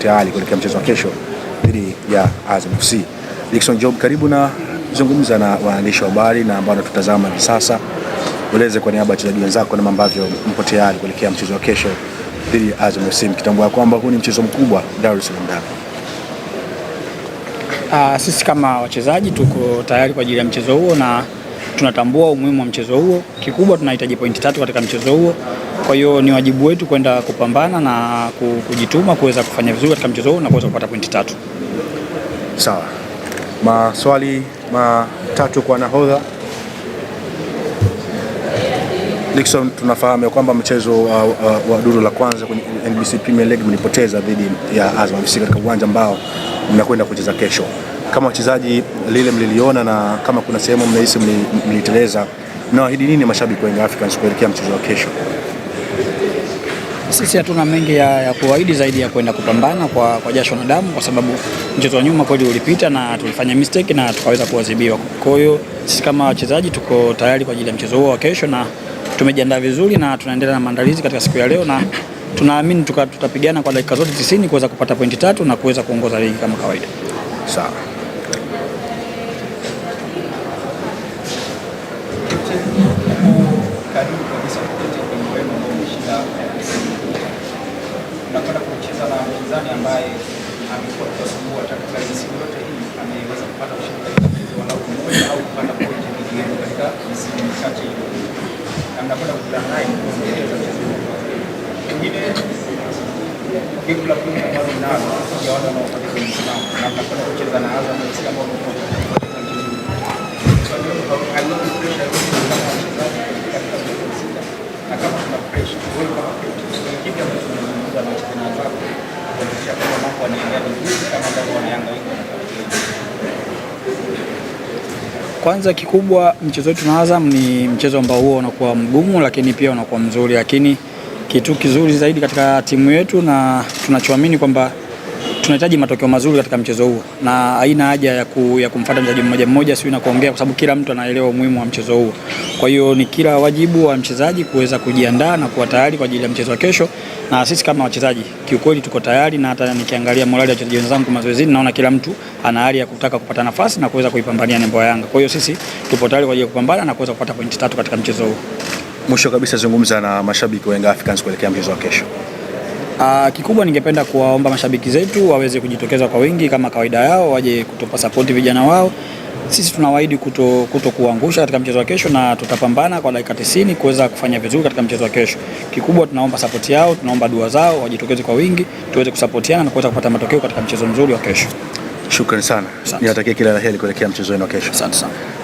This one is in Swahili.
tayari kuelekea mchezo wa kesho dhidi ya Azam FC. Dickson Job, karibu na zungumza na waandishi wa habari na ambao tutazama hivi sasa, ueleze kwa niaba ya wachezaji wenzako na ambavyo mpo tayari kuelekea mchezo wa kesho dhidi ya Azam FC, kitambua kwamba huu ni mchezo mkubwa Dar es Salaam Dabi. Uh, ah, sisi kama wachezaji tuko tayari kwa ajili ya mchezo huo na tunatambua umuhimu wa mchezo huo. Kikubwa tunahitaji pointi tatu katika mchezo huo kwa hiyo ni wajibu wetu kwenda kupambana na kujituma kuweza kufanya vizuri katika mchezo huu na kuweza kupata pointi tatu. Sawa, maswali matatu kwa nahodha Nixon, tunafahamu ya kwamba mchezo wa, wa, wa duru la kwanza kwenye NBC Premier League mlipoteza dhidi ya Azam FC katika uwanja ambao mnakwenda kucheza kesho. Kama wachezaji lile mliliona, na kama kuna sehemu mnahisi mliteleza, mnawaahidi nini mashabiki wa Young Africans kuelekea mchezo wa kesho? Sisi hatuna mengi ya, ya kuahidi zaidi ya kwenda kupambana kwa, kwa jasho na damu, kwa sababu mchezo wa nyuma kweli ulipita na tulifanya mistake na tukaweza kuadhibiwa. Kwa hiyo sisi kama wachezaji tuko tayari kwa ajili ya mchezo huo wa kesho, na tumejiandaa vizuri na tunaendelea na maandalizi katika siku ya leo, na tunaamini tutapigana kwa dakika zote 90 kuweza kupata pointi tatu na kuweza kuongoza ligi kama kawaida. Sawa. fulani ambaye amekuwa kuwasumbua katika misimu yote hii ameweza kupata ushindi walau mmoja au kupata pointi dhidi yenu katika misimu michache iliyopita, na mnakwenda kukutana naye kuendeleza mchezo wako. Pengine pigo la kumi ambalo mnalo ya wale wanaofanya kwenye msimamo na mnakwenda kucheza na Azam FC ambao vizuri kama ambavyo Kwanza kikubwa mchezo wetu na Azam ni mchezo ambao huo unakuwa mgumu, lakini pia unakuwa mzuri, lakini kitu kizuri zaidi katika timu yetu na tunachoamini kwamba tunahitaji matokeo mazuri katika mchezo huu, na haina haja ya, ku, ya kumfuata mchezaji mmoja mmoja siwi na kuongea, kwa sababu kila mtu anaelewa umuhimu wa mchezo huu. Kwa hiyo ni kila wajibu wa mchezaji kuweza kujiandaa na kuwa tayari kwa ajili ya mchezo wa kesho, na sisi kama wachezaji kiukweli tuko tayari, na hata nikiangalia morali ya wachezaji wenzangu mazoezini, naona kila mtu ana hali ya kutaka kupata nafasi na kuweza kuipambania nembo ya Yanga. Kwa hiyo sisi tupo tayari kwa ajili ya kupambana na kuweza kupata pointi tatu katika mchezo huu. Mwisho kabisa, zungumza na mashabiki wa Yanga Africans kuelekea mchezo wa kesho. Uh, kikubwa ningependa kuwaomba mashabiki zetu waweze kujitokeza kwa wingi kama kawaida yao, waje kutupa sapoti vijana wao. Sisi tunawaahidi kuto, kuto kuangusha katika mchezo wa kesho, na tutapambana kwa dakika 90 kuweza kufanya vizuri katika mchezo wa kesho. Kikubwa tunaomba sapoti yao, tunaomba dua zao, wajitokeze kwa wingi tuweze kusapotiana na kuweza kupata matokeo katika mchezo mzuri wa kesho. Shukrani sana, niwatakie kila la heri kuelekea mchezo wenu wa kesho. Asante sana.